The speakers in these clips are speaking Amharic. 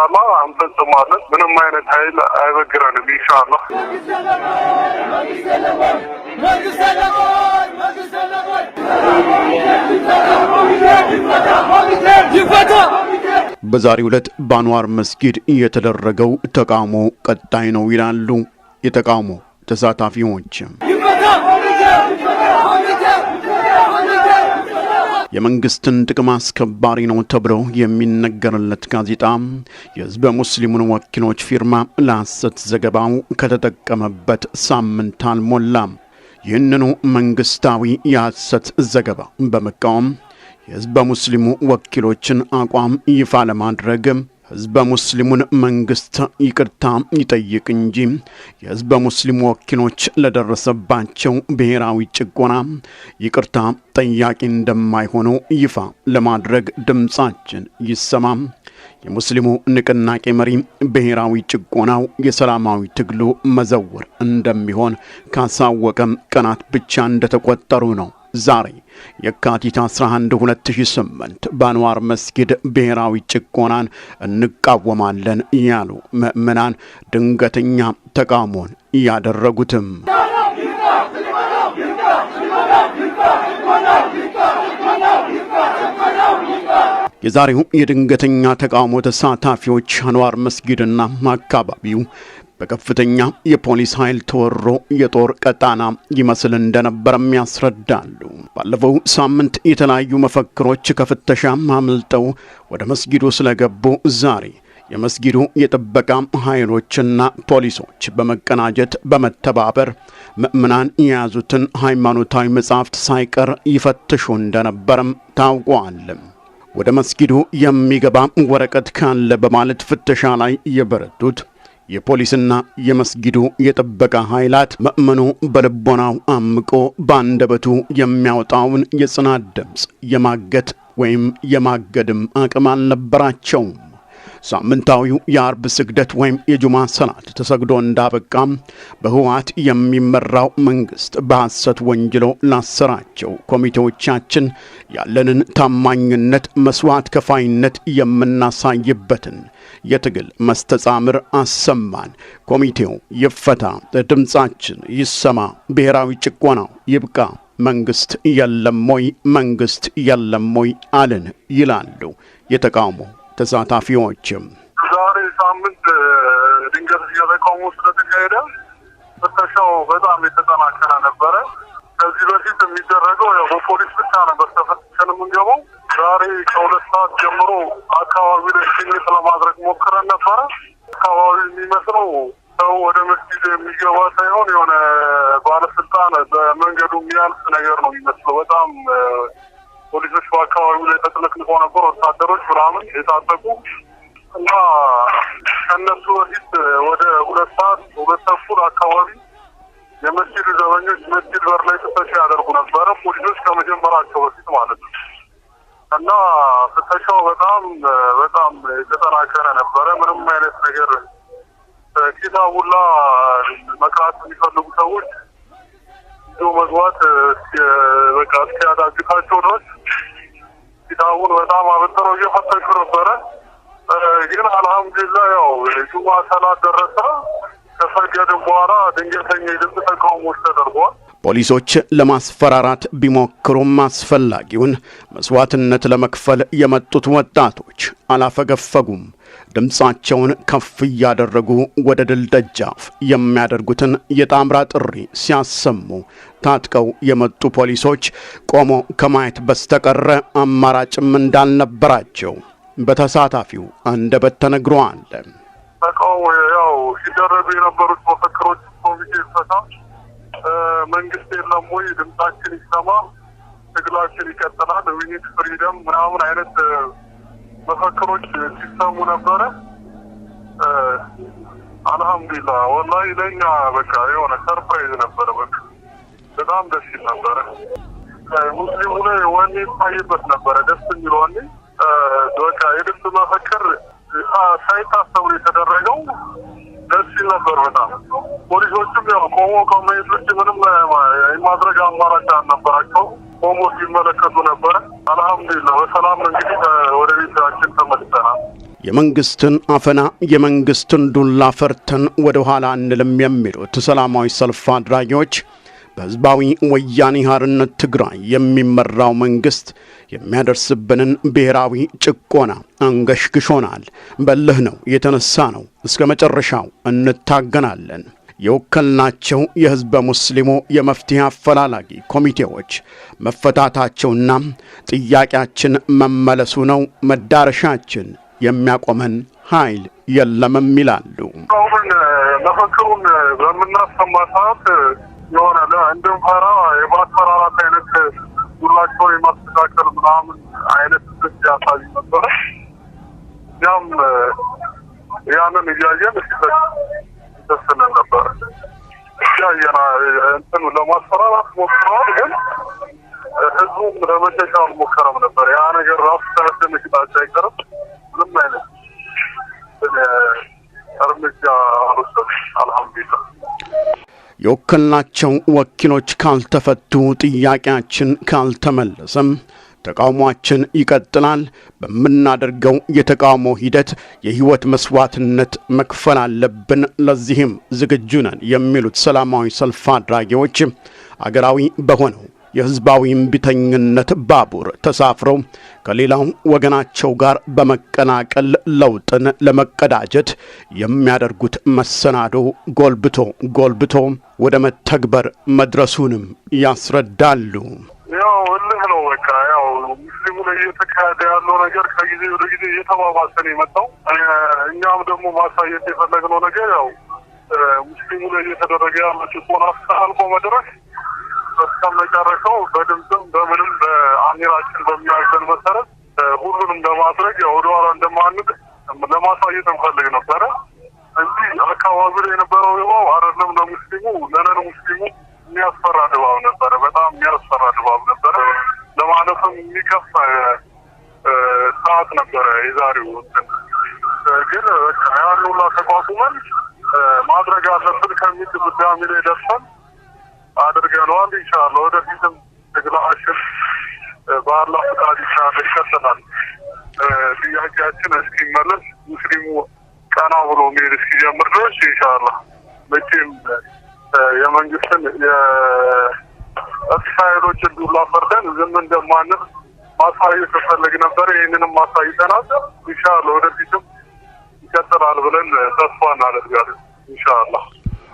ኢንሻአላ አንፈጽማለን። ምንም አይነት ኃይል አይበግረንም ኢንሻአላ። በዛሬ ዕለት በአንዋር መስጊድ የተደረገው ተቃውሞ ቀጣይ ነው ይላሉ የተቃውሞ ተሳታፊዎች። የመንግስትን ጥቅም አስከባሪ ነው ተብሎ የሚነገርለት ጋዜጣ የህዝበ ሙስሊሙን ወኪሎች ፊርማ ለሐሰት ዘገባው ከተጠቀመበት ሳምንት አልሞላም። ይህንኑ መንግስታዊ የሐሰት ዘገባ በመቃወም የህዝበ ሙስሊሙ ወኪሎችን አቋም ይፋ ለማድረግ ህዝበ ሙስሊሙን መንግስት ይቅርታ ይጠይቅ እንጂ የህዝበ ሙስሊሙ ወኪሎች ለደረሰባቸው ብሔራዊ ጭቆና ይቅርታ ጠያቂ እንደማይሆኑ ይፋ ለማድረግ ድምፃችን ይሰማ። የሙስሊሙ ንቅናቄ መሪ ብሔራዊ ጭቆናው የሰላማዊ ትግሉ መዘውር እንደሚሆን ካሳወቀም ቀናት ብቻ እንደተቆጠሩ ነው ዛሬ የካቲት 11 2008 በአንዋር መስጊድ ብሔራዊ ጭቆናን እንቃወማለን ያሉ ምዕመናን ድንገተኛ ተቃውሞን ያደረጉትም የዛሬው የድንገተኛ ተቃውሞ ተሳታፊዎች አንዋር መስጊድና አካባቢው በከፍተኛ የፖሊስ ኃይል ተወሮ የጦር ቀጣና ይመስል እንደነበረም ያስረዳሉ። ባለፈው ሳምንት የተለያዩ መፈክሮች ከፍተሻም አምልጠው ወደ መስጊዱ ስለገቡ ዛሬ የመስጊዱ የጥበቃ ኃይሎችና ፖሊሶች በመቀናጀት በመተባበር ምእምናን የያዙትን ሃይማኖታዊ መጻሕፍት ሳይቀር ይፈትሹ እንደነበርም ታውቋል። ወደ መስጊዱ የሚገባ ወረቀት ካለ በማለት ፍተሻ ላይ የበረቱት የፖሊስና የመስጊዱ የጥበቃ ኃይላት መእመኑ በልቦናው አምቆ በአንደበቱ የሚያወጣውን የጽናት ድምፅ የማገት ወይም የማገድም አቅም አልነበራቸውም። ሳምንታዊው የአርብ ስግደት ወይም የጁማ ሰላት ተሰግዶ እንዳበቃም በህወሓት የሚመራው መንግስት በሐሰት ወንጅሎ ላሰራቸው ኮሚቴዎቻችን ያለንን ታማኝነት፣ መስዋዕት ከፋይነት የምናሳይበትን የትግል መስተጻምር አሰማን። ኮሚቴው ይፈታ፣ ድምፃችን ይሰማ፣ ብሔራዊ ጭቆናው ይብቃ፣ መንግስት የለም ወይ መንግስት የለም ወይ አልን ይላሉ የተቃውሞ ተሳታፊዎችም ዛሬ ሳምንት ድንገት ተቃውሞ ስለተካሄደ ፍተሻው በጣም የተጠናከረ ነበረ። ከዚህ በፊት የሚደረገው ያው በፖሊስ ብቻ ነበር ተፈትሸን የምንገባው። ዛሬ ከሁለት ሰዓት ጀምሮ አካባቢ ላይ ሽኝት ለማድረግ ሞክረን ነበረ። አካባቢ የሚመስለው ሰው ወደ መስጊድ የሚገባ ሳይሆን የሆነ ባለስልጣን በመንገዱ የሚያልፍ ነገር ነው የሚመስለው በጣም ፖሊሶች በአካባቢው ላይ ተጥለቅልቆ ነበር። ወታደሮች ምናምን የታጠቁ እና ከእነሱ በፊት ወደ ሁለት ሰዓት ሁለት ተኩል አካባቢ የመስጅድ ዘበኞች መስጅድ በር ላይ ፍተሻ ያደርጉ ነበረ። ፖሊሶች ከመጀመራቸው በፊት ማለት ነው። እና ፍተሻው በጣም በጣም የተጠናከረ ነበረ። ምንም አይነት ነገር ኪታቡላ መቅራት የሚፈልጉ ሰዎች ይዞ መግባት በቃ እስኪያዳግታቸው ድረስ ኪታቡን በጣም አበጠረው እየፈተሹ ነበረ። ግን አልሐምዱሊላ ያው ጁማ ሰላት ደረሰ። ከሰገድም በኋላ ድንገተኛ የድምፅ ተቃውሞች ተደርጓል። ፖሊሶች ለማስፈራራት ቢሞክሩም አስፈላጊውን መስዋዕትነት ለመክፈል የመጡት ወጣቶች አላፈገፈጉም። ድምፃቸውን ከፍ እያደረጉ ወደ ድል ደጃፍ የሚያደርጉትን የጣምራ ጥሪ ሲያሰሙ ታጥቀው የመጡ ፖሊሶች ቆሞ ከማየት በስተቀረ አማራጭም እንዳልነበራቸው በተሳታፊው አንደበት ተነግሮ አለ። ያው ሲደረጉ የነበሩት መፈክሮች ኮሚቴ መንግስት የለም ወይ ድምጻችን ይሰማ፣ ትግላችን ይቀጥላል፣ ዊኒት ፍሪደም ምናምን አይነት መፈክሮች ሲሰሙ ነበረ። አልሐምዱሊላ ወላሂ ለኛ በቃ የሆነ ሰርፕራይዝ ነበረ። በቃ በጣም ደስ ይል ነበረ። ሙስሊሙ ላይ ወኔ ይታይበት ነበረ። ደስ የሚል ወኔ በቃ የድምፅ መፈክር ሳይታሰቡ የተደረገው ደስ ይል ነበር በጣም ፖሊሶቹም ያው ቆሞ ከመሄድ ውጭ ምንም የማድረግ አማራጭ አልነበራቸው። ቆሞ ሲመለከቱ ነበረ። አልሐምዱሊላ በሰላም እንግዲህ ወደ ቤታችን ተመልሰናል። የመንግስትን አፈና የመንግስትን ዱላ ፈርተን ወደ ኋላ እንልም የሚሉት ሰላማዊ ሰልፍ አድራጊዎች በሕዝባዊ ወያኔ ሓርነት ትግራይ የሚመራው መንግስት የሚያደርስብንን ብሔራዊ ጭቆና አንገሽግሾናል። በልህ ነው የተነሳ ነው። እስከ መጨረሻው እንታገናለን። የወከልናቸው የሕዝበ ሙስሊሙ የመፍትሄ አፈላላጊ ኮሚቴዎች መፈታታቸውና ጥያቄያችን መመለሱ ነው መዳረሻችን። የሚያቆመን ኃይል የለምም ይላሉ። አሁን መፈክሩን በምናሰማ ሰዓት የሆነ እንድንፈራ የማስፈራራት አይነት ሁላቸው የማስተካከል ምናምን አይነት ስት ያሳይ ነበረ። እኛም ያንን እያየን ደስልን ነበረ። እያየና እንትን ለማስፈራራት ሞክረዋል፣ ግን ህዝቡም ለመሸሻ አልሞከረም ነበር። ያ ነገር ራሱ ተያስደምግጣቸው አይቀርም። የወከልናቸው ወኪሎች ካልተፈቱ፣ ጥያቄያችን ካልተመለሰም ተቃውሟችን ይቀጥላል። በምናደርገው የተቃውሞ ሂደት የሕይወት መስዋዕትነት መክፈል አለብን፣ ለዚህም ዝግጁ ነን የሚሉት ሰላማዊ ሰልፍ አድራጊዎች አገራዊ በሆነው የሕዝባዊ እምቢተኝነት ባቡር ተሳፍረው ከሌላው ወገናቸው ጋር በመቀናቀል ለውጥን ለመቀዳጀት የሚያደርጉት መሰናዶ ጎልብቶ ጎልብቶ ወደ መተግበር መድረሱንም ያስረዳሉ። ያው እልህ ነው በቃ ያው ሙስሊሙ ላይ እየተካሄደ ያለው ነገር ከጊዜ ወደ ጊዜ እየተባባሰ ነው የመጣው። እኛም ደግሞ ማሳየት የፈለግነው ነገር ያው ሙስሊሙ ላይ እየተደረገ ያለ ጭቆና እስከ አልቆ መድረስ እስከመጨረሻው በድምፅም በምንም በአሚራችን በሚያዘን መሰረት ሁሉንም ለማድረግ ወደኋላ እንደማንድ ለማሳየት እንፈልግ ነበረ። እዚህ አካባቢ ላይ የነበረው ድባብ አይደለም ለሙስሊሙ ለነን ሙስሊሙ የሚያስፈራ ድባብ ነበረ። በጣም የሚያስፈራ ድባብ ነበረ። ለማለፍም የሚከፋ ሰዓት ነበረ የዛሬው ግን ያን ሁላ ተቋቁመን ማድረግ አለብን ከሚል ድምዳሜ ላይ ደርሰን አድርገነዋል። ኢንሻአላ ወደፊትም ትግላችን በአላህ ፍቃድ ኢንሻአላ ይቀጥላል። ጥያቄያችን እስኪመለስ ሙስሊሙ ቀና ብሎ መሄድ እስኪጀምር ድረስ ኢንሻአላ መቼም የመንግስትን የጸጥታ ኃይሎችን ዱላ ፈርደን ዝም እንደማንል ማሳየት ተፈልግ ነበር። ይህንንም ማሳይተናል። ኢንሻአላ ወደፊትም ይቀጥላል ብለን ተስፋ እናደርጋለን ኢንሻአላ።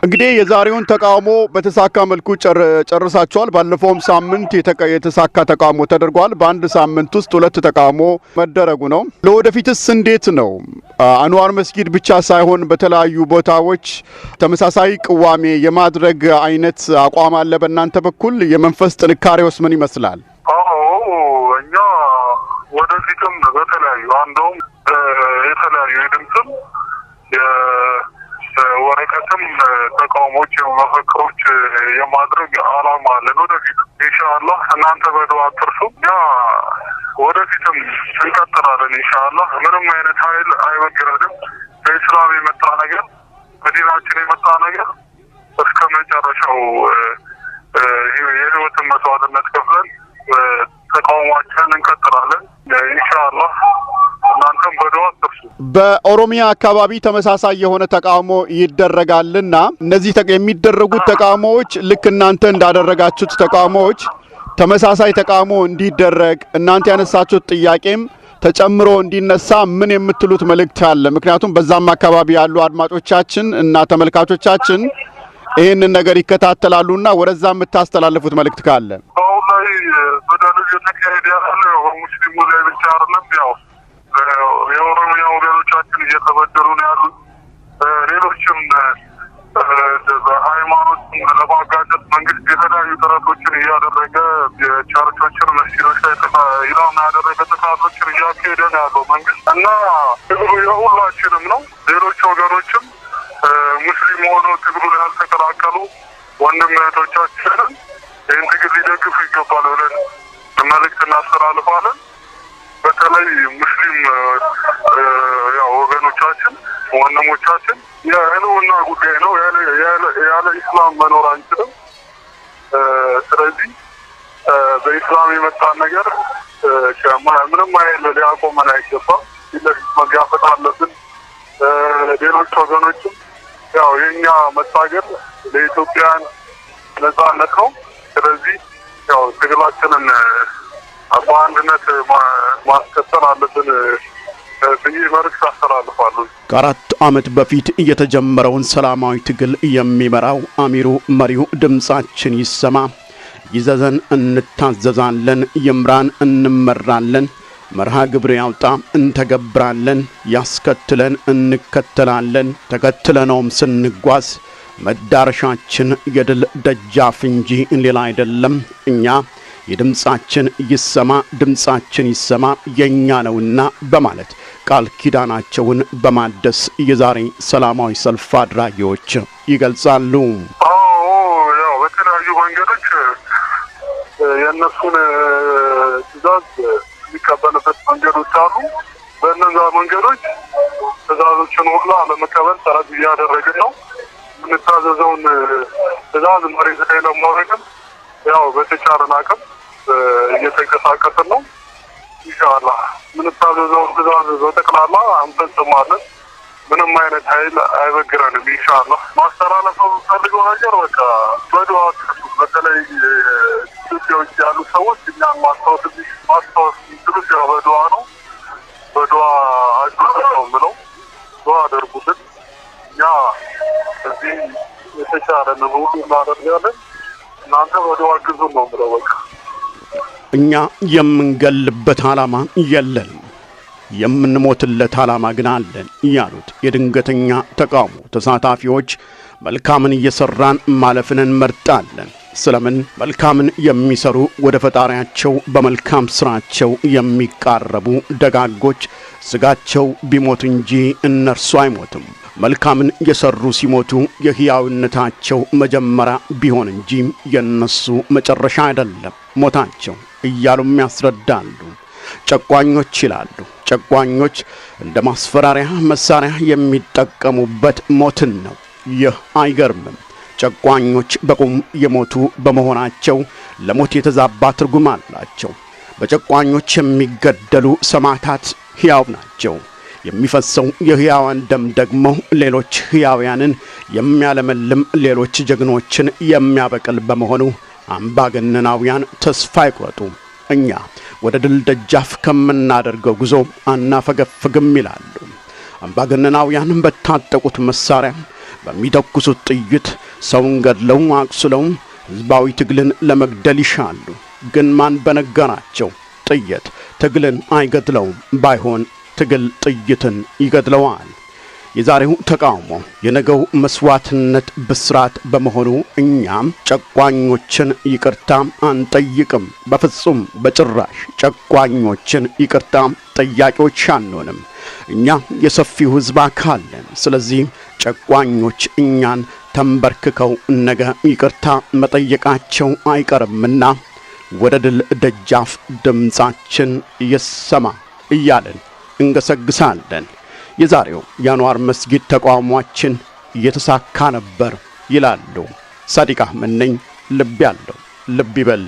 እንግዲህ የዛሬውን ተቃውሞ በተሳካ መልኩ ጨርሳቸዋል። ባለፈውም ሳምንት የተሳካ ተቃውሞ ተደርጓል። በአንድ ሳምንት ውስጥ ሁለት ተቃውሞ መደረጉ ነው። ለወደፊትስ እንዴት ነው? አንዋር መስጊድ ብቻ ሳይሆን በተለያዩ ቦታዎች ተመሳሳይ ቅዋሜ የማድረግ አይነት አቋም አለ። በእናንተ በኩል የመንፈስ ጥንካሬ ውስጥ ምን ይመስላል? እኛ ወደፊትም በተለያዩ አንደውም የተለያዩ የድምፅም ሌሎችንም ተቃውሞች፣ መፈክሮች የማድረግ አላማ አለን። ወደፊት ኢንሻአላህ እናንተ በድዋ አትርሱ። ያ ወደፊትም እንቀጥላለን ኢንሻአላህ። ምንም አይነት ሀይል አይበግረንም። በኢስላም የመጣ ነገር በዲናችን የመጣ ነገር እስከ መጨረሻው የህይወትን መስዋዕትነት ከፍለን ተቃውሟችን በኦሮሚያ አካባቢ ተመሳሳይ የሆነ ተቃውሞ ይደረጋልና እነዚህ የሚደረጉት ተቃውሞዎች ልክ እናንተ እንዳደረጋችሁት ተቃውሞዎች ተመሳሳይ ተቃውሞ እንዲደረግ እናንተ ያነሳችሁት ጥያቄም ተጨምሮ እንዲነሳ ምን የምትሉት መልእክት አለ? ምክንያቱም በዛም አካባቢ ያሉ አድማጮቻችን እና ተመልካቾቻችን ይህንን ነገር ይከታተላሉና ወደዛ የምታስተላልፉት መልእክት ካለ ላይ እየተካሄደ ያለ ሙስሊሙ ላይ ብቻ አይደለም ያው የኦሮሚያ ወገኖቻችን እየተበደሉ ነው ያሉት። ሌሎችም በሃይማኖት ለማጋጨት መንግስት የተለያዩ ጥረቶችን እያደረገ የቻርቾችን መስጊዶች ላይ ኢላማ ያደረገ ጥቃቶችን እያካሄደ ነው ያለው መንግስት እና ትግሉ የሁላችንም ነው። ሌሎች ወገኖችም ሙስሊም ሆነው ትግሉ ያልተቀላቀሉ ወንድም እህቶቻችንም ይህን ትግል ሊደግፉ ይገባል ብለን መልእክት እናስተላልፋለን። በተለይ ሙስሊም ወገኖቻችን ወንድሞቻችን የህልውና ጉዳይ ነው። ያለ ኢስላም መኖር አንችልም። ስለዚህ በኢስላም የመጣን ነገር ምንም አይል ሊያቆመን አይገባም። ፊትለፊት መጋፈጥ አለብን። ሌሎች ወገኖችም ያው የእኛ መታገል ለኢትዮጵያን ነጻነት ነው። ስለዚህ ያው ትግላችንን አቶ አንድነት ማስከተል አለብን ብዬ መልእክት አስተላልፋለሁ። ከአራት ዓመት በፊት የተጀመረውን ሰላማዊ ትግል የሚመራው አሚሩ መሪው ድምፃችን ይሰማ፣ ይዘዘን፣ እንታዘዛለን፣ ይምራን፣ እንመራለን፣ መርሃ ግብር ያውጣ፣ እንተገብራለን፣ ያስከትለን፣ እንከተላለን፣ ተከትለነውም ስንጓዝ መዳረሻችን የድል ደጃፍ እንጂ ሌላ አይደለም እኛ የድምፃችን ይሰማ ድምፃችን ይሰማ የእኛ ነውና በማለት ቃል ኪዳናቸውን በማደስ የዛሬ ሰላማዊ ሰልፍ አድራጊዎች ይገልጻሉ። አዎ ያው በተለያዩ መንገዶች የእነሱን ትእዛዝ የሚቀበልበት መንገዶች አሉ። በእነዛ መንገዶች ትእዛዞችን ሁሉ አለመቀበል ሰረት እያደረግን ነው። የምንታዘዘውን ትእዛዝ መሬት ላይ ለማውረግም ያው በተቻለን አቅም እየተንቀሳቀስን ነው። ኢንሻአላ ምንታዘዘው ትእዛዝ በጠቅላላ እንፈጽማለን። ምንም አይነት ኃይል አይበግረንም። ኢንሻአላ ማስተላለፍ የምፈልገው ነገር በቃ በዱዓ በተለይ ኢትዮጵያ ውስጥ ያሉ ሰዎች እኛን ማስታወስ ማስታወስ ትንሽ ያው በዱዓ ነው። በዱዓ አድርጉ ነው የምለው። ዱዓ አድርጉልን። እኛ እዚህ የተቻለን ሁሉ እናደርጋለን። እናንተ ነው በቃ እኛ የምንገልበት ዓላማ የለንም፣ የምንሞትለት ዓላማ ግን አለን ያሉት የድንገተኛ ተቃውሞ ተሳታፊዎች መልካምን እየሠራን ማለፍን እንመርጣለን። ስለምን መልካምን የሚሰሩ ወደ ፈጣሪያቸው በመልካም ሥራቸው የሚቃረቡ ደጋጎች ሥጋቸው ቢሞት እንጂ እነርሱ አይሞትም። መልካምን የሰሩ ሲሞቱ የሕያውነታቸው መጀመሪያ ቢሆን እንጂ የነሱ መጨረሻ አይደለም ሞታቸው እያሉም ያስረዳሉ። ጨቋኞች ይላሉ። ጨቋኞች እንደ ማስፈራሪያ መሳሪያ የሚጠቀሙበት ሞትን ነው። ይህ አይገርምም። ጨቋኞች በቁም የሞቱ በመሆናቸው ለሞት የተዛባ ትርጉም አላቸው። በጨቋኞች የሚገደሉ ሰማዕታት ሕያው ናቸው። የሚፈሰው የሕያዋን ደም ደግሞ ሌሎች ሕያውያንን የሚያለመልም ሌሎች ጀግኖችን የሚያበቅል በመሆኑ አምባገነናውያን ተስፋ አይቁረጡ። እኛ ወደ ድል ደጃፍ ከምናደርገው ጉዞ አናፈገፍግም ይላሉ። አምባገነናውያን በታጠቁት መሳሪያ በሚተኩሱት ጥይት ሰውን ገድለው አቁስለው ሕዝባዊ ትግልን ለመግደል ይሻሉ። ግን ማን በነገራቸው? ጥይት ትግልን አይገድለውም። ባይሆን ትግል ጥይትን ይገድለዋል። የዛሬው ተቃውሞ የነገው መስዋዕትነት ብስራት በመሆኑ እኛም ጨቋኞችን ይቅርታም አንጠይቅም። በፍጹም በጭራሽ ጨቋኞችን ይቅርታም ጠያቂዎች አንሆንም። እኛ የሰፊው ሕዝብ አካለን። ስለዚህ ጨቋኞች እኛን ተንበርክከው ነገ ይቅርታ መጠየቃቸው አይቀርምና ወደ ድል ደጃፍ ድምፃችን ይሰማ እያልን እንገሰግሳለን። የዛሬው የአንዋር መስጊድ ተቋሟችን እየተሳካ ነበር ይላሉ። ሳዲቅ አህመድ ነኝ። ልብ ያለው ልብ ይበል።